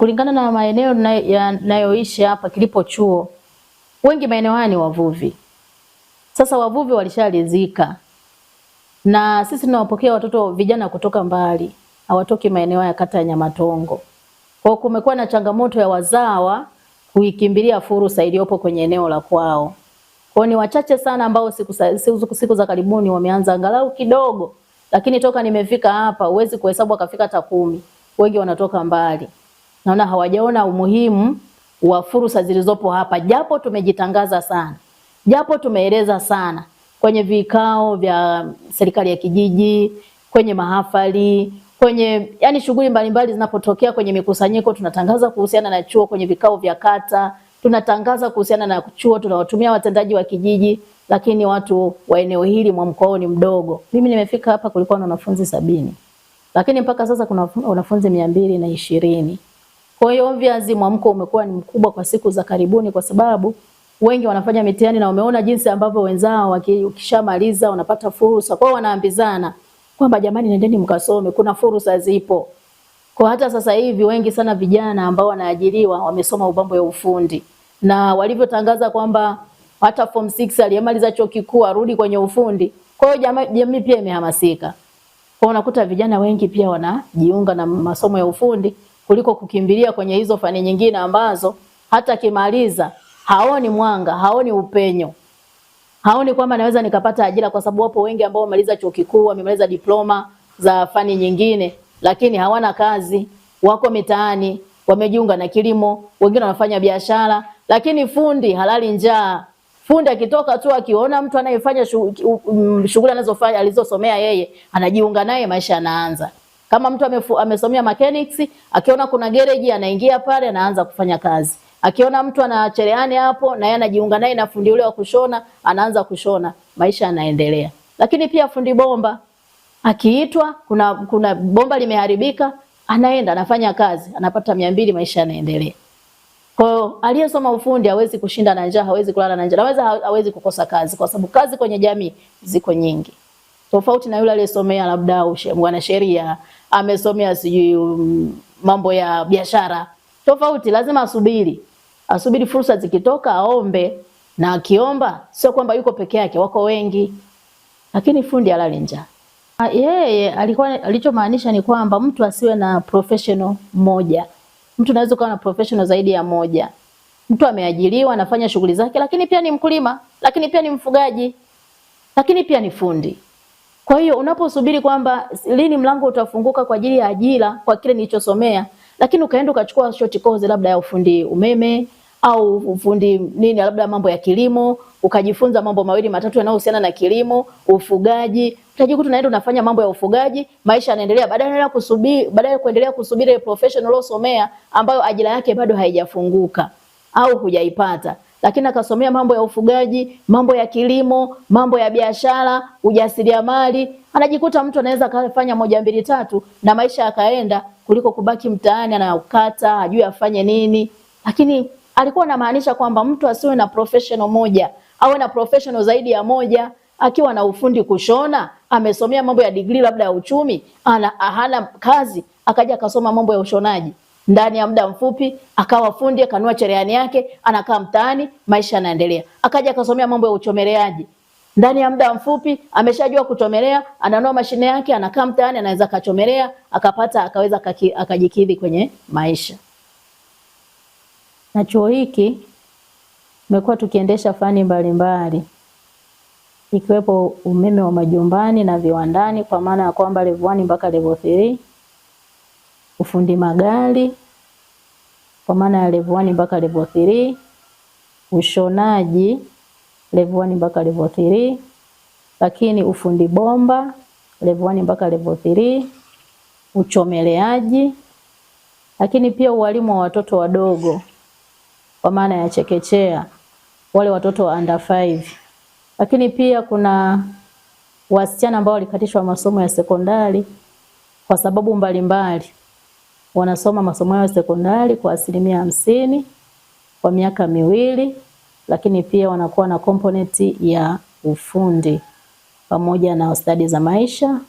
kulingana na maeneo yanayoishi hapa kilipo chuo, wengi maeneo haya ni wavuvi. Sasa wavuvi walishalizika, na sisi tunawapokea watoto vijana kutoka mbali, hawatoki maeneo ya kata ya Nyamatongo. Kwa kumekuwa na changamoto ya wazawa kuikimbilia fursa iliyopo kwenye eneo la kwao. Kwa ni wachache sana ambao siku, siku, siku za karibuni wameanza angalau kidogo, lakini toka nimefika hapa huwezi kuhesabu akafika hata kumi. Wengi wanatoka mbali naona hawajaona umuhimu wa fursa zilizopo hapa, japo tumejitangaza sana, japo tumeeleza sana kwenye vikao vya serikali ya kijiji, kwenye mahafali, kwenye yani shughuli mbalimbali zinapotokea, kwenye mikusanyiko tunatangaza kuhusiana na chuo, kwenye vikao vya kata tunatangaza kuhusiana na chuo, tunawatumia watendaji wa kijiji, lakini watu wa eneo hili mwa mkoa ni mdogo. Mimi nimefika hapa kulikuwa na wanafunzi sabini, lakini mpaka sasa kuna wanafunzi mia mbili na ishirini. Kwa hiyo obviously mwamko umekuwa ni mkubwa kwa siku za karibuni, kwa sababu wengi wanafanya mitihani na wameona jinsi ambavyo wenzao wakishamaliza wanapata fursa. Kwa hiyo wanaambizana kwamba jamani, nendeni mkasome, kuna fursa zipo. Kwa hata sasa hivi wengi sana vijana ambao wanaajiriwa wamesoma ubambo ya ufundi na walivyotangaza kwamba hata form 6 aliyemaliza chuo kikuu arudi kwenye ufundi. Kwa hiyo jamii pia imehamasika. Kwa unakuta vijana wengi pia wanajiunga na masomo ya ufundi kuliko kukimbilia kwenye hizo fani nyingine ambazo hata akimaliza haoni mwanga, haoni upenyo, haoni kwamba naweza nikapata ajira, kwa sababu wapo wengi ambao wamaliza chuo kikuu, wamemaliza diploma za fani nyingine, lakini hawana kazi, wako mitaani, wamejiunga na kilimo, wengine wanafanya biashara, lakini fundi halali njaa. Fundi akitoka tu akiona mtu anayefanya shughuli anazofanya alizosomea yeye, anajiunga naye, maisha yanaanza. Kama mtu amefu, amesomea mechanics, akiona kuna gereji anaingia pale anaanza kufanya kazi. Akiona mtu ana cherehani hapo na yeye anajiunga naye na fundi ule wa kushona, anaanza kushona, maisha yanaendelea. Lakini pia fundi bomba akiitwa, kuna kuna bomba limeharibika, anaenda anafanya kazi, anapata mia mbili, maisha yanaendelea. Kwa hiyo aliyesoma ufundi hawezi kushinda na njaa, hawezi kulala na njaa, hawezi kukosa kazi, kwa sababu kazi kwenye jamii ziko nyingi tofauti na yule aliyesomea labda mwanasheria amesomea sijui um, mambo ya biashara tofauti. Lazima asubiri asubiri fursa zikitoka, aombe, na akiomba sio kwamba yuko peke yake, wako wengi, lakini fundi alali njaa. Ah, yeye alikuwa alichomaanisha ni kwamba mtu asiwe na professional moja. Mtu anaweza kuwa na professional zaidi ya moja. Mtu ameajiriwa anafanya shughuli zake, lakini pia ni mkulima, lakini pia ni mfugaji, lakini pia ni fundi. Kwa hiyo unaposubiri kwamba lini mlango utafunguka kwa ajili ya ajira kwa kile nilichosomea, lakini ukaenda ukachukua short course labda ya ufundi umeme au ufundi nini, labda mambo ya kilimo, ukajifunza mambo mawili matatu yanayohusiana na kilimo, ufugaji, utajikuta unaenda unafanya mambo ya ufugaji, maisha yanaendelea, badala ya kusubiri, badala ya kuendelea kusubiri professional uliosomea ambayo ajira yake bado haijafunguka au hujaipata lakini akasomea mambo ya ufugaji, mambo ya kilimo, mambo ya biashara, ujasiriamali, anajikuta mtu anaweza akafanya moja mbili tatu na maisha yakaenda, kuliko kubaki mtaani anayokata ajui afanye nini. Lakini alikuwa anamaanisha kwamba mtu asiwe na professional moja, awe na professional zaidi ya moja akiwa na ufundi kushona, amesomea mambo ya degree labda ya uchumi, ana hana kazi, akaja akasoma mambo ya ushonaji. Ndani ya muda mfupi akawa fundi, akanua cherehani yake, anakaa mtaani, maisha yanaendelea. Akaja akasomea mambo ya uchomeleaji, ndani ya muda mfupi ameshajua kuchomelea, ananua mashine yake, anakaa mtaani, anaweza akachomelea, akapata, akaweza akajikidhi kwenye maisha. Na chuo hiki tumekuwa tukiendesha fani mbalimbali ikiwepo umeme wa majumbani na viwandani, kwa maana ya kwamba level 1 mpaka level 3 ufundi magari kwa maana ya level 1 mpaka level 3, ushonaji level 1 mpaka level 3, lakini ufundi bomba level 1 mpaka level 3, uchomeleaji, lakini pia ualimu wa watoto wadogo kwa maana ya chekechea, wale watoto wa under five, lakini pia kuna wasichana ambao walikatishwa masomo ya sekondari kwa sababu mbalimbali mbali wanasoma masomo yao sekondari kwa asilimia hamsini kwa miaka miwili, lakini pia wanakuwa na komponenti ya ufundi pamoja na stadi za maisha.